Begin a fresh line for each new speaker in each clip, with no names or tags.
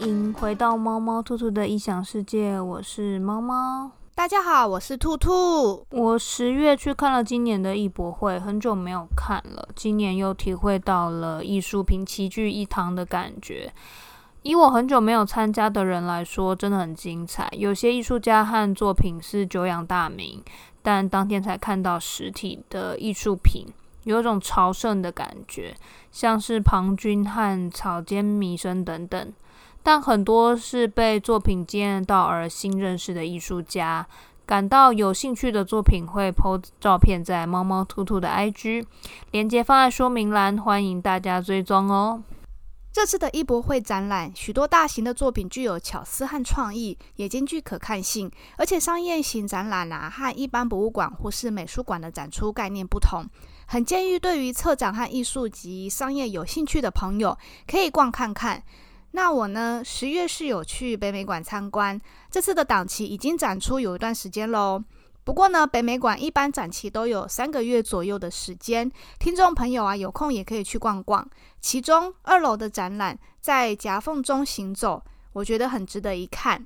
歡迎回到貓貓兔兔的異想世界。我是貓貓，大家好，我是兔兔。我十月去看了今年的藝博會，很久沒有看了，今年又體會到了藝術品齊聚一堂的感覺。以我很久沒有參加的人來說，真的很精彩。有些藝術家和作品是久仰大名，但當天才看到實體的藝術品，有一種朝聖的感覺，像是龐均和草間彌生等等。但很多是被作品驚艷到而新認識的藝術家，感到有興趣的作品會 po 照片在貓貓兔兔的 IG，連接放在說明欄，歡迎
大家追蹤哦。這次的藝博會展覽，許多大型的作品具有巧思和創意，也兼具可看性。而且商業型展覽啊，和一般博物館或是美術館的展出概念不同，很建議對於策展和藝術及商業有興趣的朋友，可以逛看看。那我呢，十月是有去北美館參觀，這次的檔期已經展出有一段時間嘍。不過呢，北美館一般展期都有三個月左右的時間，聽眾朋友啊，有空也可以去逛逛。其中二樓的展覽《在夾縫中行走》，我覺得很值得一看。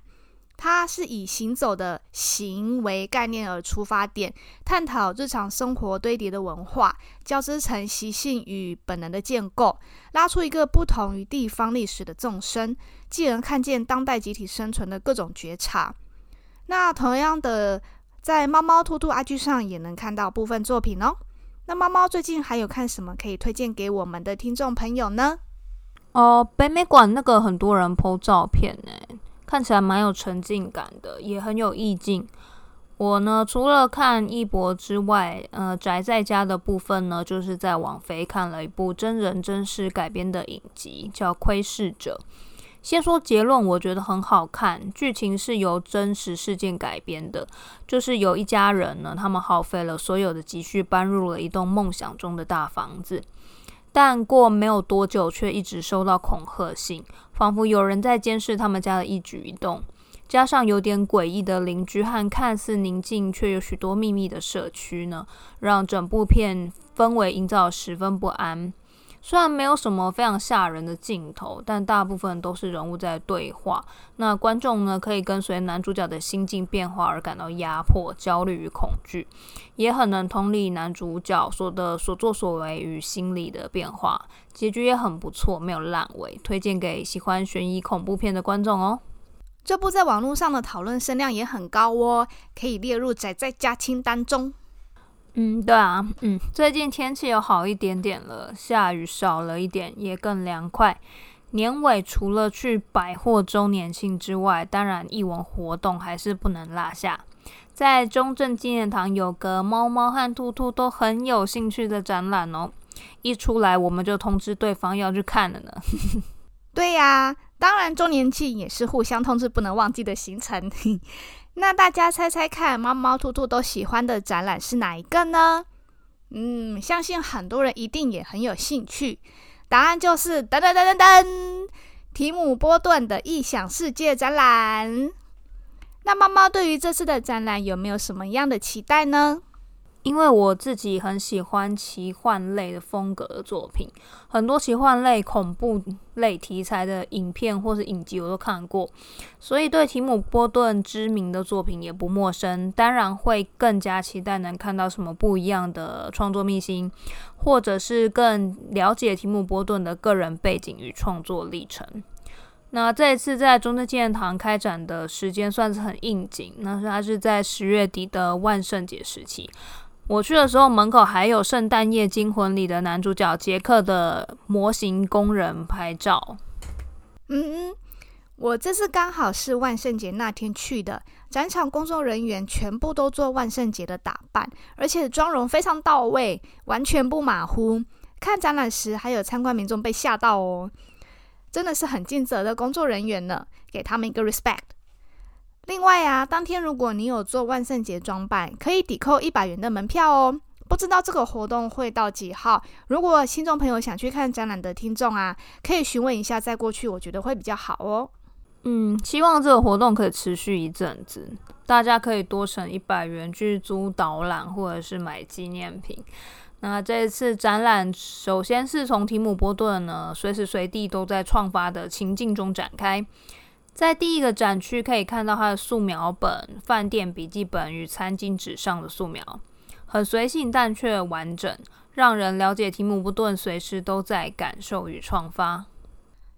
它是以行走的行為概念而出發點，探討日常生活堆疊的文化，交織成習性與本能的建構，拉出一個不同於地方歷史的縱深，既能看見當代集體生存的各種覺察。那同樣的，在貓貓兔兔 IG 上也能看到部分作品哦。那貓貓最近還有看什麼可以推薦給我們的聽眾朋友呢？哦、呃，北美館那個很多人 PO 照片呢、欸。
看起來蠻有沉浸感的，也很有意境。我呢，除了看一博之外，呃，宅在家的部分呢，就是在網飛看了一部真人真事改編的影集，叫《窺視者》。先說結論，我覺得很好看。劇情是由真實事件改編的，就是有一家人呢，他們耗費了所有的積蓄，搬入了一棟夢想中的大房子，但過沒有多久，卻一直收到恐嚇信。仿佛有人在監視他們家的一舉一動，加上有點詭異的鄰居和看似寧靜卻有許多秘密的社區呢，讓整部片氛圍營造十分不安。雖然沒有什麼非常嚇人的鏡頭，但大部分都是人物在對話。那觀眾呢，可以跟隨男主角的心境變化而感到壓迫、焦慮與恐懼，也很能同理男主角說的所作所為與心理的變化。結局也很不錯，沒有爛尾，推薦給喜歡懸疑恐怖片的觀眾哦。
這部在網絡上的討論聲量也很高哦，可以列入宅在家清單中。嗯，對啊，嗯，最近天氣又好一點點了，下雨
少了一點，也更涼快。年尾除了去百貨周年慶之外，當然藝文活動還是不能落下。在中正紀念堂有個貓貓和兔兔都很有興趣的展覽哦，一出來我們就通知對方要去看了呢。
對呀、啊。當然，周年慶也是互相通知不能忘記的行程。 那大家猜猜看，貓貓兔兔都喜歡的展覽是哪一個呢？嗯，相信很多人一定也很有興趣。答案就是，噔噔噔噔噔！提姆波頓的異想世界展覽。那貓貓對於這次的展覽有沒有什麼樣的期待呢？
因為我自己很喜歡奇幻類的風格的作品，很多奇幻類、恐怖類題材的影片或是影集我都看過，所以對提姆·波頓知名的作品也不陌生。當然會更加期待能看到什麼不一樣的創作祕辛，或者是更了解提姆·波頓的個人背景與創作歷程。那這一次在中正紀念堂開展的時間算是很應景，那是他是在十月底的萬聖節時期。我去的時候，門口還有《聖誕夜驚魂》裡的男主角傑克的模型工人拍照。
嗯嗯，我這次剛好是萬聖節那天去的，展場工作人員全部都做萬聖節的打扮，而且妝容非常到位，完全不馬虎。看展覽時還有參觀民眾被嚇到哦，真的是很盡責的工作人員呢，給他們一個 respect。另外呀、啊，當天如果你有做萬聖節裝扮，可以抵扣一百元的門票哦。不知道這個活動會到幾號？如果聽眾朋友想去看展覽的聽眾啊，可以詢問一下再過去，我覺得會比較好哦。嗯，希
望這個活動可以持續一陣子，大家可
以多省一百元去租導
覽或者是買紀念品。那這次展覽，首先是從提姆波頓呢，隨時隨地都在創發的情境中展開。在第一個展區可以看到他的素描本、飯店筆記本與餐巾紙上的素描，很隨性但卻完整，讓人了解提姆波頓隨時都在
感受與創發。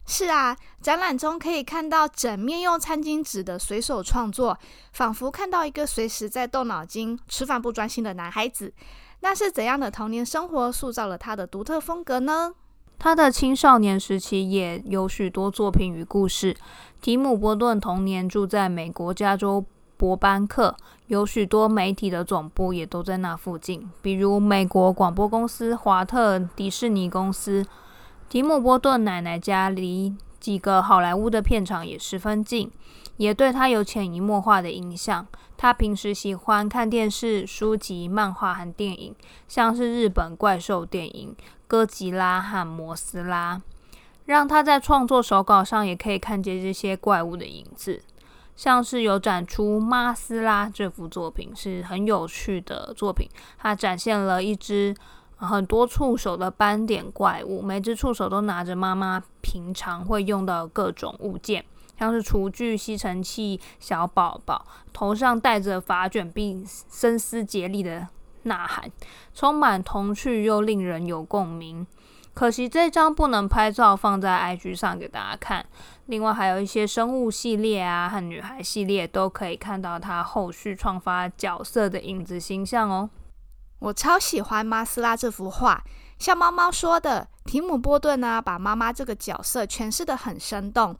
是啊，展覽中可以看到整面用餐巾紙的隨手創作，仿佛看到一個隨時在動腦筋、吃飯不專心的男孩子。那是怎樣的童年生活塑造了他的獨特風格呢？
他的青少年時期也有許多作品與故事。提姆·波頓童年住在美國加州伯班克，有許多媒體的總部也都在那附近，比如美國廣播公司、華特迪士尼公司。提姆·波頓奶奶家離幾個好萊塢的片場也十分近。也對他有潛移默化的影響。他平時喜歡看電視、書籍、漫畫和電影，像是日本怪獸電影《哥吉拉》和《摩斯拉》，讓他在創作手稿上也可以看見這些怪物的影子。像是有展出《媽斯拉》這幅作品，是很有趣的作品。它展現了一隻很多觸手的斑點怪物，每隻觸手都拿着媽媽平常會用到的各種物件。像是廚具、吸塵器、小寶寶頭上戴着髮捲，並聲嘶力竭地吶喊，充滿童趣又令人有共鳴。可惜這張不能拍照，放在 IG 上給大家看。另外還有一些生物系列啊和女孩系列，都可以看到他後續創發角色的影子形象
哦。我超喜歡媽斯拉這幅畫，像貓貓說的，提姆波頓呢、啊、把媽媽這個角色詮釋得很生動。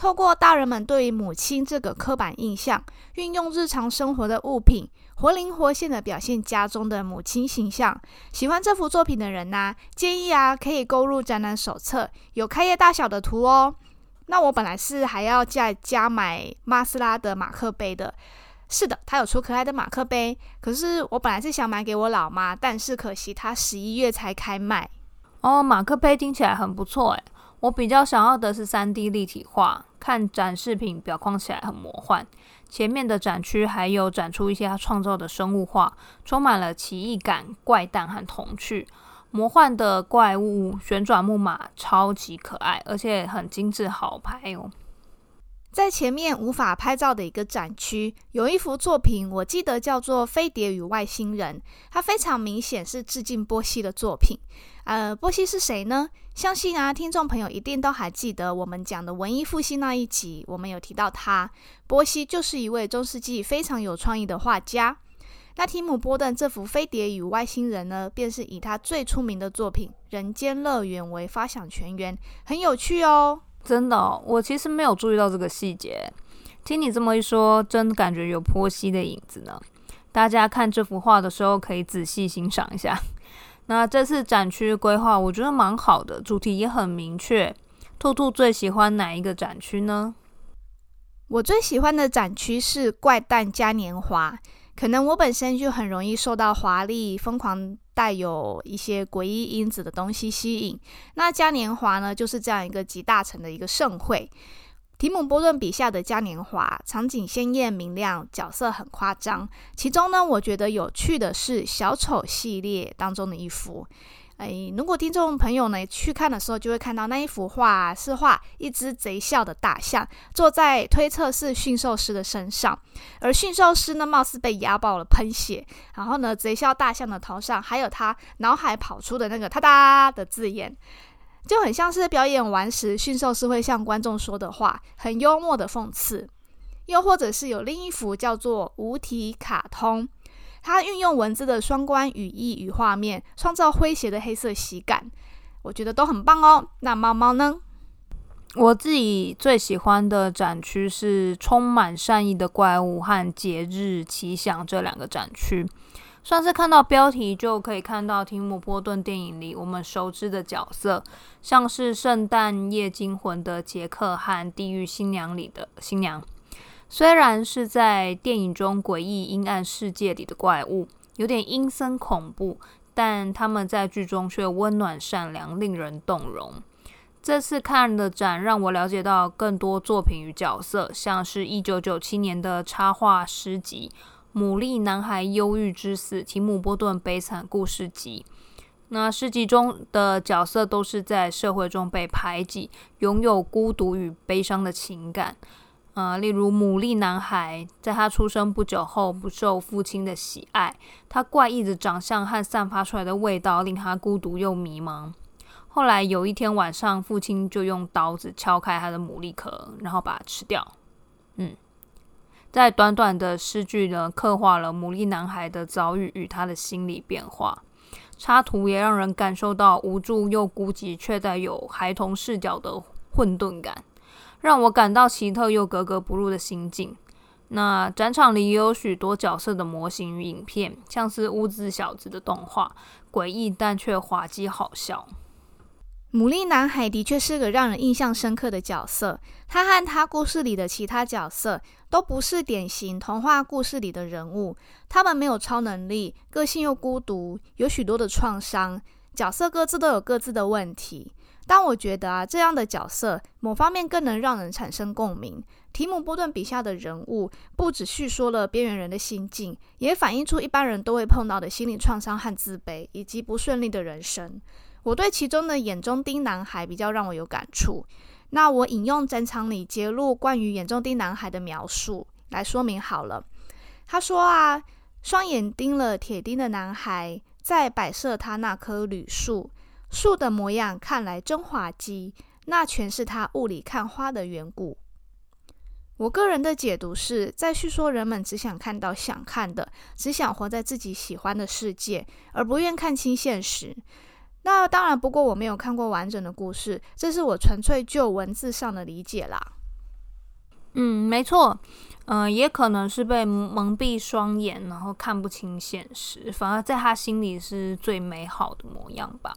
透過大人們對於母親這個刻板印象，運用日常生活的物品，活靈活現的表現家中的母親形象。喜歡這幅作品的人呢、啊，建議啊可以購入展覽手冊，有開業大小的圖哦。那我本來是還要在家買媽斯拉的馬克杯的，是的，他有出可愛的馬克杯。可是我本來是想買給我老媽，但是可惜他十一月才開賣
哦。馬克杯聽起來很不錯哎。我比較想要的是 3D 立體畫，看展示品，裱框起來很魔幻。前面的展區還有展出一些他創造的生物畫，充滿了奇異感、怪誕和童趣。魔幻的怪物旋轉木馬超
級可愛，而且很精緻，好拍哦。在前面無法拍照的一個展區，有一幅作品，我記得叫做《飛碟與外星人》，它非常明顯是致敬波西的作品。呃，波西是誰呢？相信啊，聽眾朋友一定都還記得我們講的文藝復興那一集，我們有提到他。波西就是一位中世紀非常有創意的畫家。那提姆波頓這幅《飛碟與外星人》呢，便是以他最出名的作品《人間樂園》為發想泉源，很有趣哦。真的哦，我其實沒有注意到這個細節。
聽你這麼一說，真的感覺有波西的影子呢。大家看這幅畫的時候，可以仔細欣賞一下。那這次展區規劃，我覺得蠻好的，主
題也很明確。兔兔最喜歡哪一個展區呢？我最喜歡的展區是怪誕嘉年華。可能我本身就很容易受到華麗、瘋狂。帶有一些詭異因子的東西吸引。那嘉年華呢，就是這樣一個集大成的一個盛會。提姆·波頓筆下的嘉年華，場景鮮豔明亮，角色很誇張。其中呢，我覺得有趣的是小丑系列當中的一幅。哎，如果聽眾朋友呢去看的時候，就會看到那一幅畫是畫一隻賊笑的大象坐在推測是馴獸師的身上，而馴獸師呢貌似被壓爆了噴血，然後呢賊笑大象的頭上還有它腦海跑出的那個“噠噠”的字眼，就很像是表演完時馴獸師會向觀眾說的話，很幽默的諷刺，又或者是有另一幅叫做無題卡通。它運用文字的雙關語義與畫面，創造詼諧的黑色喜感，我覺得都很棒哦。那貓貓呢？
我自己最喜歡的展區是充滿善意的怪物和節日奇想這兩個展區，算是看到標題就可以看到提姆波頓電影裡我們熟知的角色，像是《聖誕夜驚魂》的傑克和《地獄新娘》裡的新娘。雖然是在電影中詭異陰暗世界裡的怪物，有點陰森恐怖，但他們在劇中卻溫暖善良，令人動容。這次看的展讓我了解到更多作品與角色，像是1997年的插畫詩集《牡蠣男孩憂鬱之死》、提姆·波頓悲慘故事集。那詩集中的角色都是在社會中被排擠，擁有孤獨與悲傷的情感。呃，例如牡蠣男孩，在他出生不久後不受父親的喜愛。他怪異的長相和散發出來的味道令他孤獨又迷茫。後來有一天晚上，父親就用刀子敲開他的牡蠣殼，然後把它吃掉。嗯，在短短的詩句呢，刻畫了牡蠣男孩的遭遇與他的心理變化。插圖也讓人感受到無助又孤寂，卻帶有孩童視角的混沌感。讓我感到奇特又格格不入的心境。那展場裡也有許多角色的模型與影片，像是污漬小子的動畫，詭異但卻滑稽好笑。
牡蠣男孩的確是個讓人印象深刻的角色，他和他故事裡的其他角色都不是典型童話故事裡的人物。他們沒有超能力，個性又孤獨，有許多的創傷。角色各自都有各自的問題。但我覺得啊，這樣的角色某方面更能讓人產生共鳴。提姆波頓筆下的人物，不只敘說了邊緣人的心境，也反映出一般人都會碰到的心理創傷和自卑，以及不順利的人生。我對其中的“眼中釘男孩”比較讓我有感觸。那我引用展場裡揭露關於“眼中釘男孩”的描述來說明好了。他說啊，雙眼釘了鐵釘的男孩，在擺設他那棵鋁樹。樹的模樣看來真滑稽，那全是他霧裡看花的緣故。我個人的解讀是，在敘說人們只想看到想看的，只想活在自己喜歡的世界，而不願看清現實。那當然，不過我沒有看過完整的故事，這是我純粹就文字上的理解啦。嗯，沒錯，
嗯、呃，也可能是被蒙蔽雙眼，然後看不清現實，反而在他心裡是最美好的模樣吧。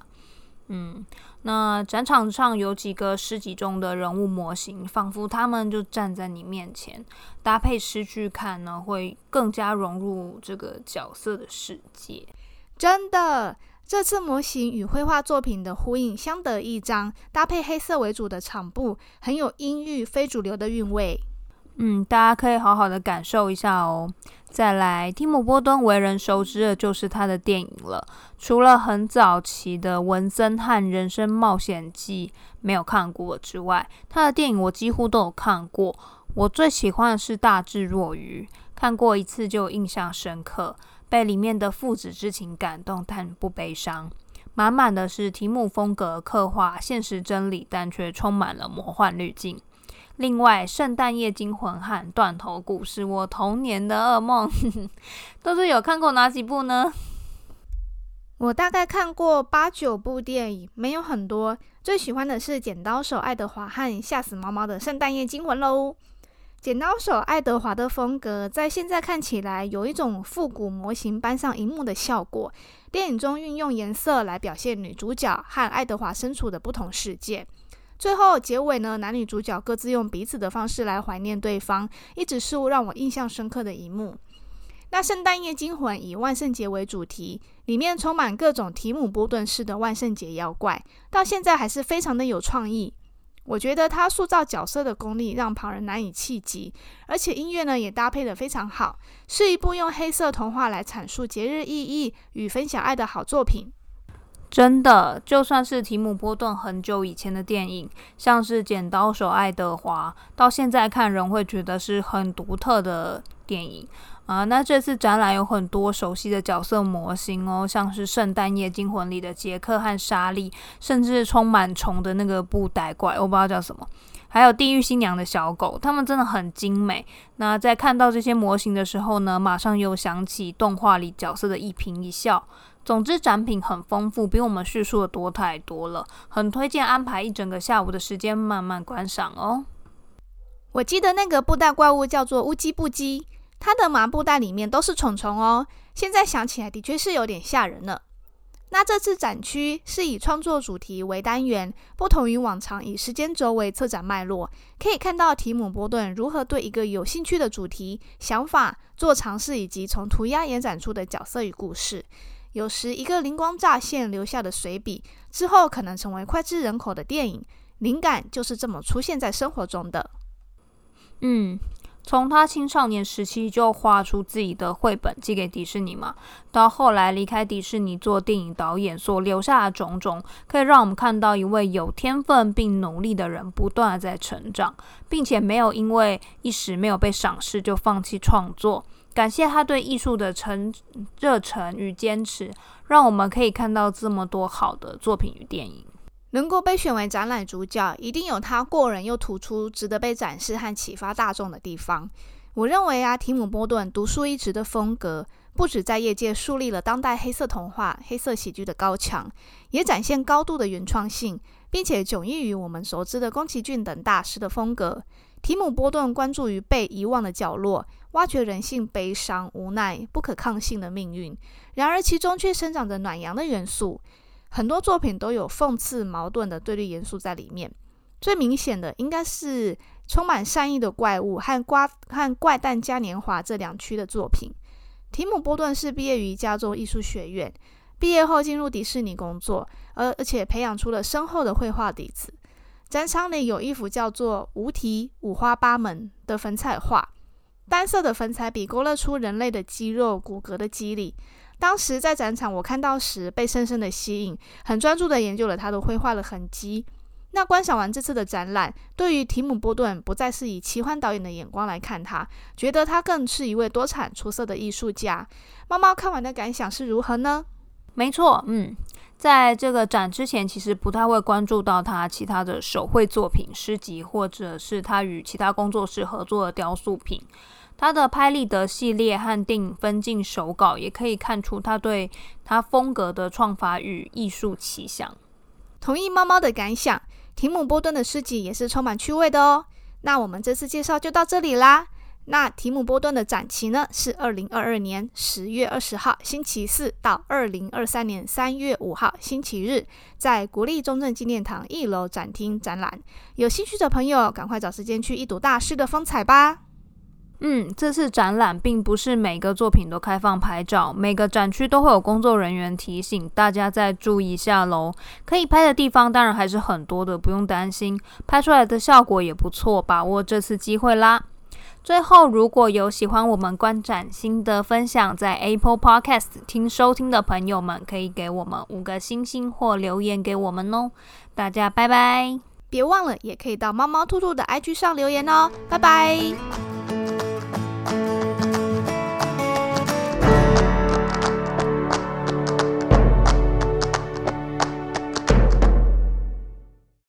嗯，那展場上有幾個詩集中的人物模型，仿佛他們就站在你面前。搭配詩句看呢，會更加融入這個角色的世界。
真的，這次模型與繪畫作品的呼應相得益彰，搭配黑色為主的場布，很有陰鬱、非主流的韻味。嗯，
大家可以好好的感受一下哦。再來，提姆波頓為人熟知的就是他的電影了。除了很早期的《文森和人生冒險記》沒有看過之外，他的電影我幾乎都有看過。我最喜歡的是《大智若愚》，看過一次就印象深刻，被裡面的父子之情感動，但不悲傷。滿滿的是提姆風格刻畫現實真理，但卻充滿了魔幻濾鏡。另外，《聖誕夜驚魂》和《斷頭谷》是我童年的噩夢，都是有看過哪幾部呢？
我大概看過八九部電影，沒有很多。最喜歡的是夜魂咯《剪刀手愛德華》和嚇死毛毛的《聖誕夜驚魂》嘍。《剪刀手愛德華》的風格在現在看起來有一種復古模型搬上熒幕的效果。電影中運用顏色來表現女主角和愛德華身處的不同世界。最後結尾呢，男女主角各自用彼此的方式來懷念對方，一直是讓我印象深刻的一幕。那《聖誕夜驚魂》以萬聖節為主題，裡面充滿各種提姆·波頓式的萬聖節妖怪，到現在還是非常的有創意。我覺得他塑造角色的功力讓旁人難以企及，而且音樂呢也搭配得非常好，是一部用黑色童話來闡述節日意義與分享愛的好作品。真的，就算是提姆波頓很久
以前的電影，像是《剪刀手愛德華》，到現在看仍會覺得是很獨特的電影啊。呃。那這次展覽有很多熟悉的角色模型哦，像是《聖誕夜驚魂》裡的杰克和莎莉，甚至充滿蟲的那個布袋怪，我不知道叫什麼，還有《地獄新娘》的小狗，它們真的很精美。那在看到這些模型的時候呢，馬上又想起動畫裡角色的一顰一笑。總之，展品很豐富，比我們敘述的多太多了。很推薦安排一整個下午的
時間慢慢觀賞哦。我記得那個布袋怪物叫做烏雞布雞，它的麻布袋裡面都是蟲蟲哦。現在想起來的確是有點嚇人了。那這次展區是以創作主題為單元，不同於往常以時間軸為策展脈絡，可以看到提姆波頓如何對一個有興趣的主題、想法做嘗試，以及從塗鴉延展出的角色與故事。有時一個靈光乍現留下的隨筆，之後可能成為膾炙人口的電影。靈感就是這麼出現在生活中的。嗯，
從他青少年時期就畫出自己的繪本寄給迪士尼嘛，到後來離開迪士尼做電影導演，所留下的種種，可以讓我們看到一位有天分並努力的人不斷的在成長，並且沒有因為一時沒有被賞識就放棄創作。感謝他對藝術的成熱忱與
堅持，讓我們可以看到這麼多好的作品與電影。能夠被選為展覽主角，一定有他過人又突出、值得被展示和啟發大眾的地方。我認為啊，提姆·波頓獨樹一幟的風格，不止在業界樹立了當代黑色童話、黑色喜劇的高牆，也展現高度的原創性。並且迥異於我們熟知的宮崎駿等大師的風格。提姆·波頓關注於被遺忘的角落，挖掘人性悲傷、無奈、不可抗性的命運。然而，其中卻生長着暖陽的元素。很多作品都有諷刺、矛盾的對立元素在裡面。最明顯的應該是充滿善意的怪物和瓜和怪誕嘉年華這兩區的作品。提姆·波頓是畢業於加州藝術學院，畢業後進入迪士尼工作。而而且培養出了深厚的繪畫底子。展場裡有一幅叫做《無題》五花八門的粉彩畫，單色的粉彩筆勾勒出人類的肌肉、骨骼的肌理。當時在展場我看到時，被深深的吸引，很專注的研究了他的繪畫的痕迹。那觀賞完這次的展覽，對於提姆·波頓不再是以奇幻導演的眼光來看他，覺得他更是一位多產出色的藝術家。貓貓看完的感想是如何呢？沒錯，嗯。在這個展之前，其實不太會關注到他
其他的手繪作品、詩集，或者是他與其他工作室合作的雕塑品。他的拍立得系列和電影分鏡手稿，也可以看出他對
他風格的創法與藝術奇想。同意貓貓的感想，提姆波頓的詩集也是充滿趣味的哦。那我們這次介紹就到這裡啦。那提姆波頓的展期呢，是二零二二年十月二十號星期四到二零二三年三月五號星期日，在國立中正紀念堂一樓展廳展覽。有興趣的朋友，趕快找時間去一睹大師的風采吧。嗯，這次展覽並不是每個作品都開放拍照，每個展區都會有
工作人員提醒大家再注意一下嘍。可以拍的地方當然還是很多的，不用擔心，拍出來的效果也不錯，把握這次機會啦。最後，如果有喜歡我們觀展心得分享，在 Apple Podcast 聽收聽的朋友們，可以給我們五個星星或留言給我們哦。大家拜
拜！別忘了，也可以到貓貓兔兔的 IG 上留言哦。拜拜。